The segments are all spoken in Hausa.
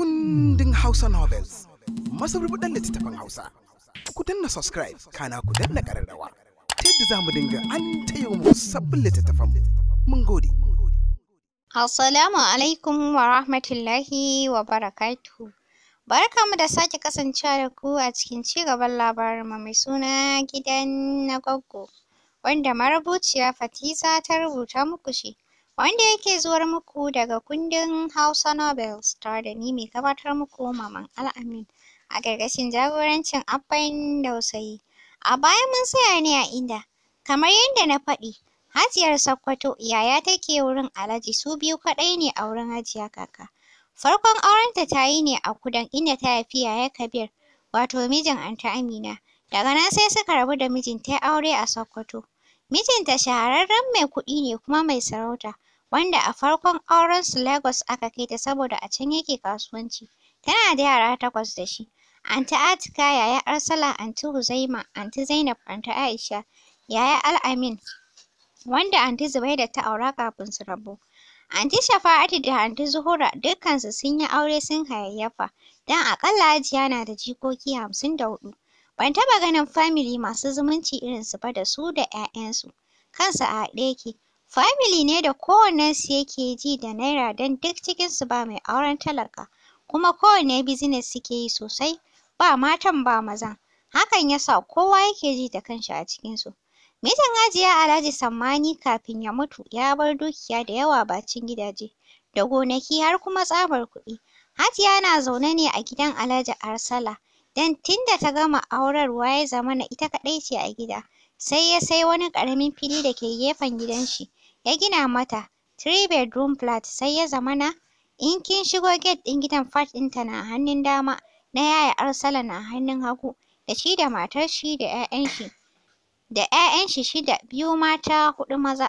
kundin Hausa Novels, Masu masarubuɗan littattafan Hausa. Ku danna subscribe, kana ku danna ƙararrawa. Ta yadda za mu dinga an tayo mu sabbin littattafan mun gode. Assalamu alaikum wa rahmatullahi wa barakatuhu. Barka mu da sake kasancewa da ku a cikin cigaban labarinmu mai suna gidan na gwaggo, wanda marubuciya Fatiza ta rubuta muku shi. wanda yake zuwar muku daga kundin Hausa Nobels tare da ni mai gabatar muku Maman Al'amin a gargashin jagorancin Abban Dausayi. A baya mun tsaya ne a inda kamar yadda na faɗi Hajiyar Sakkwato yaya take wurin Alhaji su biyu kaɗai ne a wurin Hajiya Kaka. Farkon aurenta ta yi ne a kudan inda ta haifi yaya Kabir wato mijin Anti Amina. Daga nan sai suka rabu da mijin ta aure a sakkwato Mijinta shahararren mai kuɗi ne kuma mai sarauta wanda a farkon aurensu Lagos aka kai ta saboda a can yake kasuwanci. Tana da yara takwas da shi. Aunty Atika, Yaya Arsala, Aunty Huzaima, Aunty Zainab, Aunty Aisha, Yaya Al-Amin, wanda Aunty Zubaida ta aura kafin su rabu. Anti Shafa'atu da Anti Zuhura dukkansu sun yi aure sun hayayyafa, don aƙalla ajiya na da jikoki hamsin da huɗu. Ban taɓa ganin famili masu zumunci irin su ba da su da 'ya'yansu, kansu a haɗe yake. Famili ne da kowannensu yake ji da Naira don duk cikinsu ba mai auren talaka, kuma kowanne bizines suke yi sosai, ba matan ba mazan. Hakan ya sa kowa yake ji da kanshi a cikinsu. Mijin Hajiya Alhaji Sammani kafin ya mutu ya bar dukiya da yawa bacin gidaje, da gonaki har kuma tsabar kuɗi. Hajiya na zaune ne a gidan Alhaji Arsala, don tun da ta gama aurarwa ya zamana ita kaɗai ce a gida, sai ya sai wani ƙaramin fili da ke gefen gidan shi. ya gina mata three bedroom flat sai ya zamana in kin shigo gate ɗin gidan fat ɗinta na hannun dama na yaya arsalan na hannun hagu da shi da matar shi da ƴaƴan shi da ƴaƴan shi shida biyu mata huɗu maza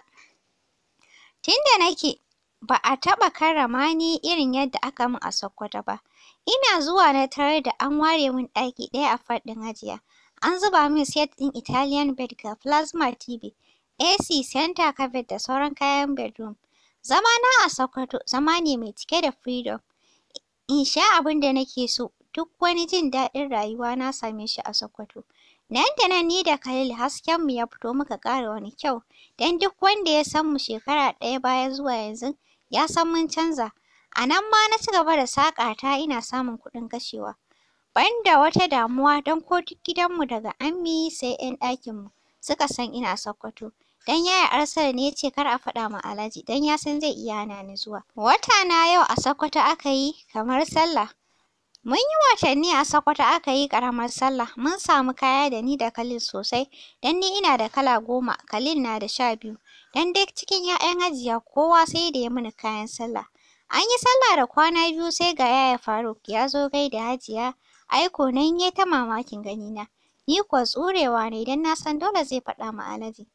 tinda nake ba a taɓa karrama ni irin yadda aka min a Sokoto ba ina zuwa na tarar da an ware min ɗaki ɗaya a flat ɗin Hajiya an zuba min set ɗin Italian bed ga plasma TV AC, center carpet da sauran kayan bedroom. Zama na a Sokoto zama ne mai cike da freedom. In sha abin da nake so, duk wani jin daɗin rayuwa na same shi a Sokoto. Nan da nan ni da Khalil haskenmu ya fito muka ƙara wani kyau, don duk wanda ya san mu shekara ɗaya baya zuwa yanzu ya san mun canza. A nan ma na ci gaba da ta ina samun kuɗin kashewa. Ban da wata damuwa don ko duk gidanmu daga Ammi sai 'yan ɗakinmu suka san ina Sokoto. Dan yaya Arsar ne ya ce kar a faɗa ma Alhaji dan ya san zai iya hana ni zuwa. Wata na yau a Sokoto aka yi kamar sallah. Mun yi watanni a Sokoto aka yi karamar sallah. Mun samu kaya da ni da Khalil sosai. Dan ni ina da kala goma, Khalil na da sha biyu. Dan dai cikin 'ya'yan hajiya kowa sai da ya mini kayan sallah. An yi sallah da kwana biyu sai ga yaya Faruk ya zo gaida hajiya. Aiko nan yayi ta mamakin ganina. Ni kuwa tsurewa ne dan na san dole zai faɗa ma Alhaji.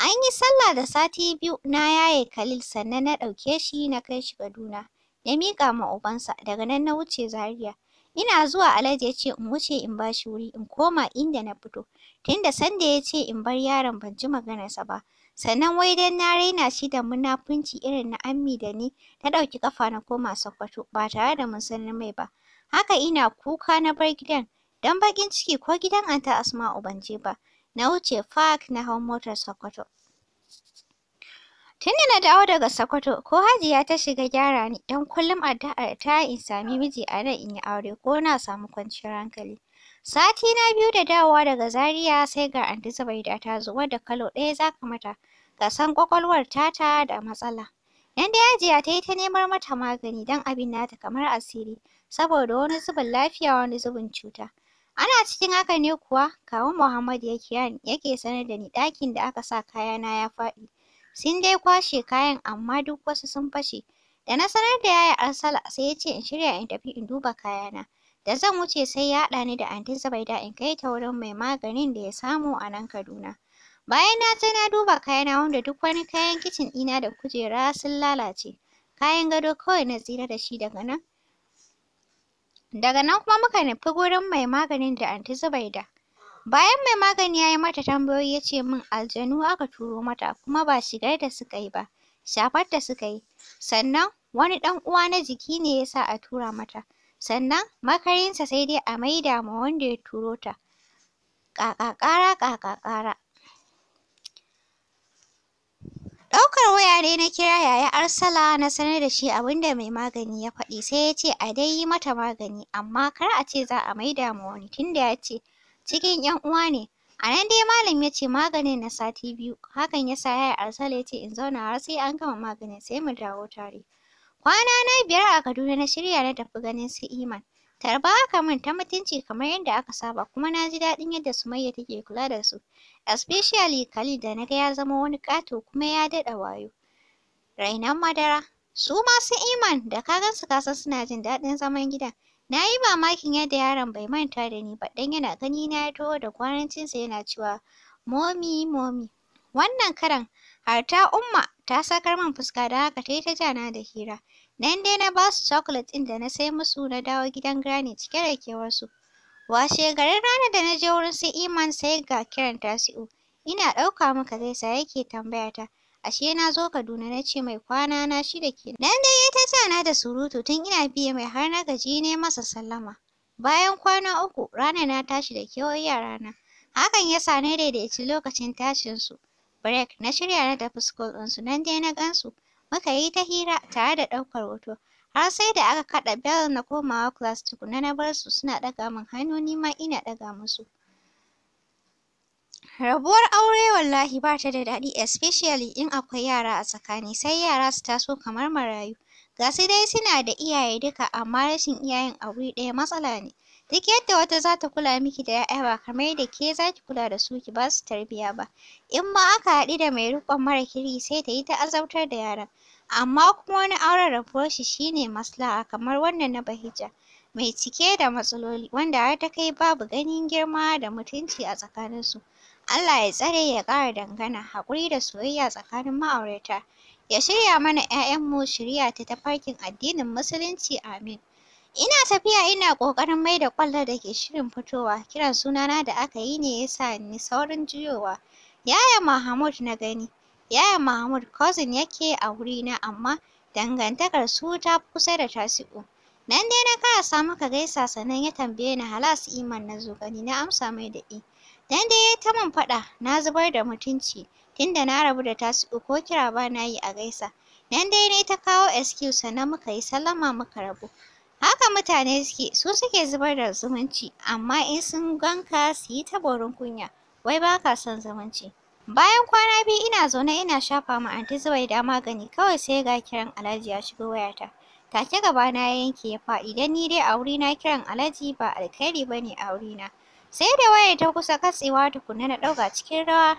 An yi sallah da sati biyu na yaye Khalil sannan na ɗauke shi na kai shi Kaduna. na miƙa ma ubansa daga nan na wuce Zaria. Ina zuwa Alhaji ya ce in wuce in ba shi wuri in koma inda na fito. Tunda sanda ya ce in bar yaron ban ji maganarsa ba. Sannan wai dan na raina shi da munafunci irin na ammi da ni na ɗauki ƙafa na koma Sokoto ba tare da mun sanar mai ba. Haka ina kuka na bar gidan don baƙin ciki ko gidan Anta Asma'u ban je ba. na wuce fak na hau motar Sokoto. Tunda na dawo daga Sokoto, ko Hajiya ta shiga gyara ni don kullum addu'ar ta in sami miji a nan in yi aure ko na samu kwanciyar hankali. Sati na biyu da dawowa daga Zaria sai ga Anti Zubaida ta zo wadda kalo ɗaya za ka mata, ka san ƙwaƙwalwar ta da matsala. yan da Hajiya ta yi ta neman mata magani don abin nata kamar asiri, saboda wani zubin lafiya wani zubin cuta. Ana cikin haka ne kuwa kawun Muhammad ya yake sanar da ni ɗakin da aka sa kayana ya faɗi. Sun dai kwashe kayan amma duk wasu sun fashe. Da na sanar da yaya Arsala sai ya ce in shirya in tafi in duba kayana. Da zan wuce sai ya haɗa ni da anti Zubaida in kai ta wurin mai maganin da ya samu a nan Kaduna. Bayan na je na duba kayana wanda duk wani kayan kicin ɗina da kujera sun lalace. Kayan gado kawai na tsira da shi daga nan. Daga nan kuma muka nufi gurin mai maganin da anti Zubaida. Bayan mai magani ya yi mata tambayoyi ya ce min aljanu aka turo mata kuma ba shigar da suka yi ba, shafar da suka yi. Sannan wani ɗan uwa na jiki ne ya sa a tura mata. Sannan makarinsa sai dai a maida ma wanda ya turo ta. Ƙaƙaƙara ƙaƙaƙara. dare na kira yaya Arsala na sanar da shi abinda mai magani ya faɗi sai ya ce a dai yi mata magani amma kar a ce za a maida ma wani tunda ya ce cikin 'yan uwa ne. A nan dai malam ya ce maganin na sati biyu hakan ya sa yaya Arsala ya ce in zauna har sai an gama maganin sai mu dawo tare. Kwana na biyar a Kaduna na shirya na tafi ganin su Iman. Tarba haka min ta mutunci kamar yadda aka saba kuma na ji daɗin yadda Sumayya take kula da su. Especially Khalid da na ga ya zama wani ƙato kuma ya daɗa wayo. Rainan madara. Su masu Iman da ka gansu ka suna jin daɗin zaman gidan. Na yi mamakin yadda yaron bai manta da ni ba dan yana gani na ya taho da kwanancinsa yana cewa momi momi. Wannan karan har ta Umma ta sakar min fuska don haka ta yi ta jana da hira. Nan dai na basu su chocolate ɗin da na sai musu na dawo gidan Granny cike da kewarsu. Washe garin ranar da na je wurin su Iman sai ga kiran tasi'u. Ina ɗauka maka gaisa yake tambaya ta ashe na zo Kaduna na ce mai kwana na shida ke nan dai ya ta tana da surutu tun ina biye mai har na gaji ne masa sallama bayan kwana uku rana na tashi da yara yarana hakan ya sa ne daidaici lokacin tashin su break na shirya na tafi school din su nan dai na gansu muka yi ta hira tare da ɗaukar hoto har sai da aka kaɗa bell na komawa class tukuna na bar su suna ɗaga min hannu ni ma ina ɗaga musu Rabuwar aure wallahi ba ta da daɗi especially in akwai yara a tsakani sai yara su taso kamar marayu. Ga su dai suna da iyaye duka amma rashin iyayen a wuri ɗaya matsala ne. Duk yadda wata za ta kula miki da 'ya'ya ba kamar yadda ke za ki kula da su ki ba su tarbiyya ba. In ma aka haɗu da mai riƙon mara kirki sai ta yi ta azabtar da yaran. Amma kuma wani auren rabuwar shi shi ne maslaha kamar wannan na Bahijja. Mai cike da matsaloli wanda har ta kai babu ganin girma da mutunci a tsakaninsu. Allah ya tsare ya ƙara dangana, haƙuri da soyayya tsakanin ma'aurata. Ya shirya mana mu shirya ta tafarkin addinin Musulunci, amin. Ina tafiya ina ƙoƙarin mai da ƙwallon da ke shirin fitowa, kiran sunana da aka yi ne ya sa ni saurin juyowa. Yaya Mahmud na gani. Yaya Mahmud cousin yake a wurina amma dangantakar su ta fi kusa da tasi'u. Nan dai na kasa muka gaisa sannan ya tambaye ni halas iman na zo gani na amsa mai da eh Dan dai yayi ta min faɗa na zubar da mutunci tunda na rabu da tasi'u ko kira ba na yi a gaisa. Dan dai ne ta kawo excuse sannan muka yi sallama muka rabu. Haka mutane suke su suke zubar da zumunci amma in sun ganka su yi ta borin kunya wai ba ka son zumunci. Bayan kwana biyu ina zaune ina shafa ma anti Zubaida magani kawai sai ga kiran Alhaji ya shigo wayata. Take gaba na yanke ya faɗi dan ni dai a wuri na kiran Alhaji ba alkhairi bane a wuri na. Sai da wayar ta kusa katsewa tukunna na ɗauka cikin rawa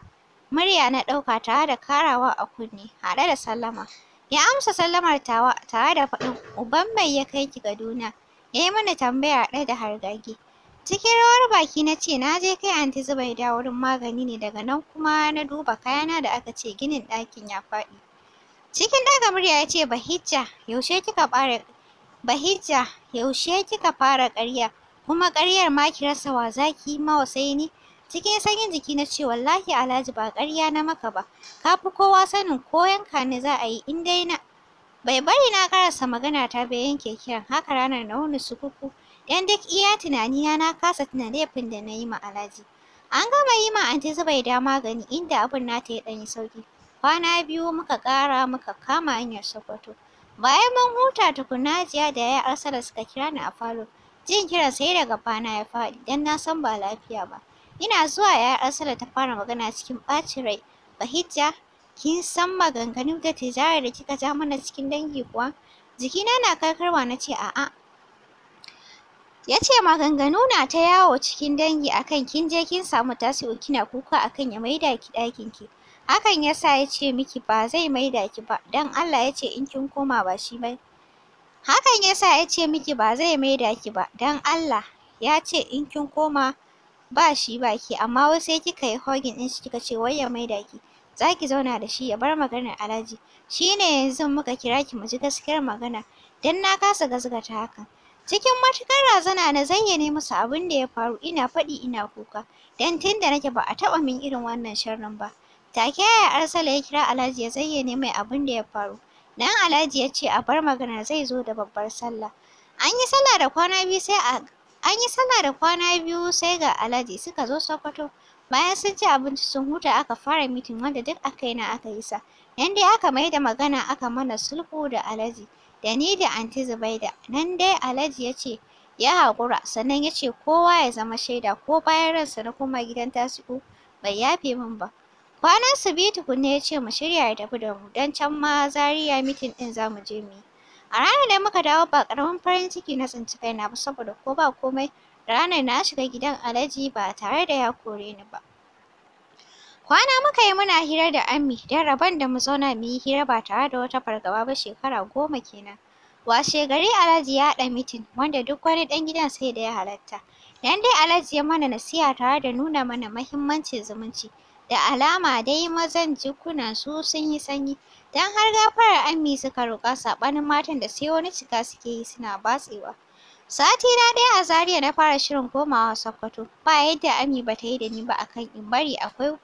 murya na ɗauka tare da karawa a kunne haɗe da sallama. Ya amsa sallamar tawa tare da faɗin uban mai ya kai ki gaduna. Ya yi mana tambaya haɗe da hargagi. Cikin rawar baki na ce na je kai anti da wurin magani ne daga nan kuma na duba kayana da aka ce ginin ɗakin ya faɗi. Cikin ɗaga murya ya ce Bahijja yaushe kika fara Bahijja yaushe kika fara ƙarya kuma ƙaryar ma ki rasa wa za ki yi ma cikin sanyin jiki na ce wallahi Alhaji ba ƙarya na maka ba ka fi kowa sanin ko yanka ni za a yi in dai na bai bari na karasa magana ta bai yanke kiran haka ranar na su sukuku yan duk iya tunanina na kasa tuna laifin da na yi ma Alhaji an gama yi ma anti Zubaida magani inda abin nata ya ɗan yi sauƙi kwana biyu muka ƙara muka kama hanyar Sokoto bayan mun huta tukunna jiya da ya Arsala suka kira ni a falo Jin kiran sai daga bana ya faɗi don na san ba lafiya ba. Ina zuwa Yaya Asala ta fara magana cikin ɓacin rai. Bahijja, kin san maganganun da tijarar da kika ja mana cikin dangi kuwa? Jikina na karkarwa na ce a'a. Ya ce maganganu na ta yawo cikin dangi akan kin je kin samu tasiru kina kuka akan ya maida ki ɗakin ki. Hakan ya sa ya ce miki ba zai maida ki ba, don Allah ya ce in kin koma ba shi ba Hakan ya sa ya ce miki ba zai maida ki ba, don Allah, ya ce in kin koma ba shi ba ki, amma wai sai kika yi hogin in shi kika ce wai ya maida ki. Za ki zauna da shi ya bar maganar Alhaji. Shi ne yanzu muka kira ki mu ji gaskiyar magana, don na kasa gazgata hakan. Cikin matukar razana na zayyane musu abin da ya faru, ina faɗi ina kuka, don tun da nake ba a taɓa min irin wannan sharrin ba. Take yaya Arsala ya kira Alhaji ya zayyane mai abin da ya faru. Dan Alhaji ya ce a bar magana zai zo da babbar sallah. An yi sallah da kwana biyu sai a an yi sallah da kwana biyu sai ga Alhaji suka zo Sokoto. Bayan sun ci abinci sun huta aka fara mitin wanda duk aka yi na aka yi sa. Nan dai aka mai da magana aka mana sulhu da Alhaji da ni da Aunty Zubaida. Nan dai Alhaji ya ce ya haƙura sannan ya ce kowa ya zama shaida ko bayan ransa na koma gidan tasi'u bai yafe min ba. Kwanan su biyu tukunna ya ce mu shirya ya tafi da mu don can ma Zaria mitin ɗin za mu je mu yi. A ranar da muka dawo ba ƙaramin farin ciki na tsinci kaina ba saboda ko ba komai ranar na shiga gidan Alhaji ba tare da ya kore ni ba. Kwana muka yi muna hira da Ami don rabon da mu zauna mu yi hira ba tare da wata fargaba ba shekara goma kenan. Washe gari Alhaji ya haɗa mitin wanda duk wani ɗan gidan sai da ya halatta. Dan dai Alhaji ya mana nasiha tare da nuna mana mahimmancin zumunci. Da alama dai mazan jikunan su sun yi sanyi. Don har gafarar Ami suka roƙa saɓanin matan da sai wani cika suke yi suna batsewa. Sati na ɗaya a Zariya na fara shirin komawa Sokoto. Ba yadda Ami ba ta yi da ni ba akan in bari akwai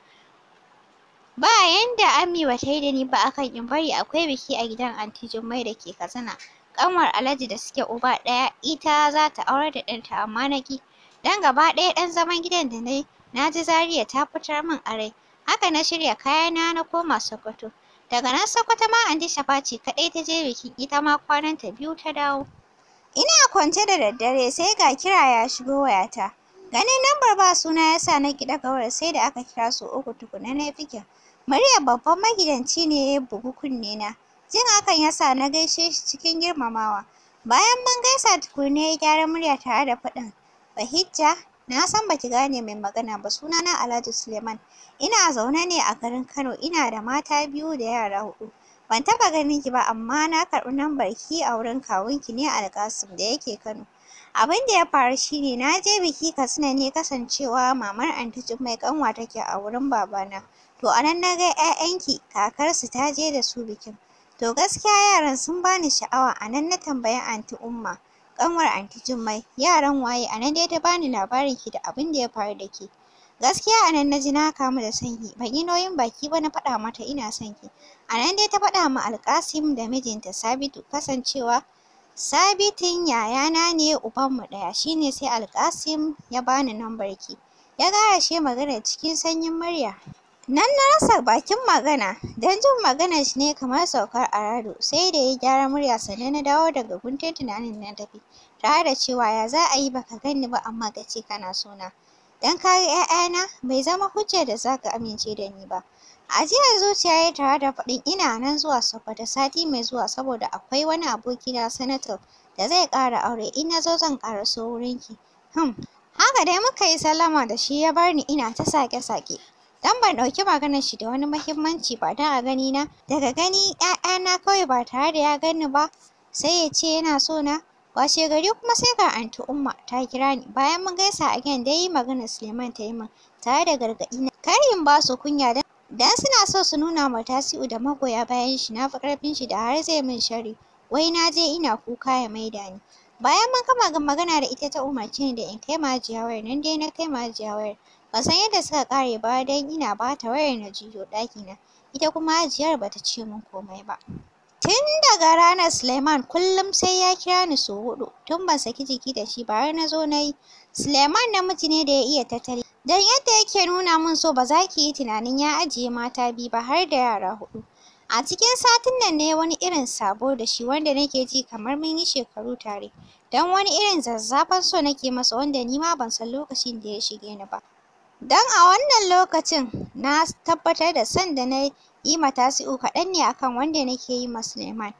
ba yanda Ami ba ta yi da ni ba akan in bari akwai biki a gidan Anti Jummai da ke Katsina. Ƙanwar Alhaji da suke uba ɗaya ita za ta aurar da ɗanta amma na ƙi. Don gaba ɗaya ɗan zaman gidan da na yi na ji Zaria ta fitar min a rai. Haka na shirya kayana na koma Sokoto. Daga nan Sokoto ma an ji Shafaci kaɗai ta je bikin ita ma kwananta biyu ta dawo. Ina kwance da daddare sai ga kira ya shigo wayata. Ganin lambar ba suna ya sa na kiɗa gawar sai da aka kira su uku tukuna na fikin. Muryar babban magidanci ne ya bugu kunne na. Jin hakan ya sa na gaishe shi cikin girmamawa. Bayan mun gaisa tukuna ya gyara murya tare da faɗin, Bahijja, Na san baki gane mai magana ba sunana Alhaji Suleiman. Ina zaune ne a garin Kano ina da mata biyu da yara hudu. Ban taɓa ganin ki ba amma na karbi lambar ki a wurin kawunki ne Alkasim da yake Kano. Abin da ya faru shine na je biki Katsina ne kasancewa mamar Anti Jummai kanwa take a wurin babana. To anan na ga 'ya'yanki su ta je da su bikin. To gaskiya yaran sun bani sha'awa anan na tambayi Anti Umma. ƙanwar anti Jummai, yaran waye a nan dai ta bani labarin ki da abin da ya faru da ke. Gaskiya a nan na ji na kamu da sanyi. ki, ban yi nauyin baki ba na faɗa mata ina son ki. A nan dai ta faɗa ma Alƙasim da mijinta Sabitu kasancewa Sabitin yayana ne ubanmu ɗaya, shine sai Alƙasim ya bani nan ki. Ya gayashe maganar cikin sanyin murya. Nan na rasa bakin magana, don jin maganar shi ne kamar saukar arado, sai da ya gyara murya sannan na dawo daga guntun tunanin na tafi, tare da cewa ya za a yi ba baka ganni ba amma ka ce kana sona. Don ka 'ya'yana bai zama hujja da za ka amince da ni ba. Ajiyar zuciya ya tare da faɗin ina nan zuwa Sokoto sati mai zuwa saboda akwai wani abokina sanator da zai ƙara aure in na zo zan ƙaraso wurinki. Hmm, haka dai muka yi sallama da shi ya bar ni ina ta sake-sake. Dan ban ɗauki maganar shi da wani muhimmanci ba dan a gani na daga gani ‘ya'yana kawai ba tare da ya gani ba sai ya ce yana so na. Washe gari kuma sai ga anti Umma ta kira ni bayan mun gaisa a again dai maganar Suleiman ta yi min tare da gargaɗi na kar in ba su kunya dan suna so su nuna ma Tasi'u da magoya bayan shi na fi ƙarfin shi da har zai min shari. wai na je ina kuka ya maida ni. Bayan mun kama magana da ita ta umarce ni da in kai majiya wayar nan dai na kai majiya wayar. ba san yadda suka kare ba dan ina ba ta wayar na jiyo ɗakina. Ita kuma majiyar bata ce min komai ba. Tun daga ranar Suleiman kullum sai ya kira ni sau hudu tun ban saki jiki da shi ba har na zo na yi. Suleiman namiji ne da ya iya tattali. dan yadda yake nuna mun so ba za ki yi tunanin ya ajiye mata biyu ba har da yara hudu A cikin satin nan ne wani irin sabo da shi wanda nake ji kamar mun yi shekaru tare. Don wani irin zazzafan so nake masa wanda ni ma ban san lokacin da ya shige ni ba. Don a wannan lokacin na tabbatar da son da na yi ma Tasi'u kaɗan ne akan wanda nake yi ma Suleiman.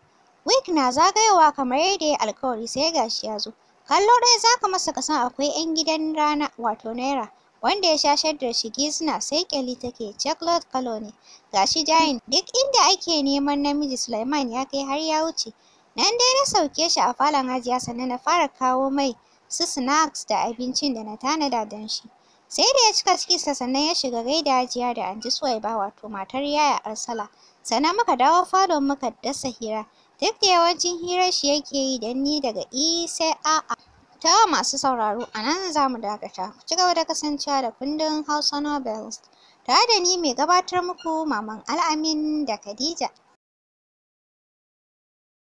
Week na zagayowa kamar yadda ya alƙawari, sai gashi shi ya zo. Kallo dai za ka masa kasan akwai 'yan gidan rana wato Naira. wanda ya sha shaddar shi gizna sai kyali take chocolate color ne gashi jayin duk inda ake neman namiji Sulaiman ya kai har ya wuce nan dai na sauke shi a falon Hajiya sannan na fara kawo mai su snacks da abincin da na tanada don shi sai da ya cika ciki sa sannan ya shiga gaida Hajiya da Aunty Suwaiba wato matar yaya Arsala Sana muka dawo falon muka dasa hira duk da yawancin hirar shi yake yi don ni daga e isa a'a Ta masu sauraro a nan za mu dakata. Ku ci gaba da kasancewa da kundin Hausa Nobels. Tare da ni mai gabatar muku Maman Al'amin da Khadija.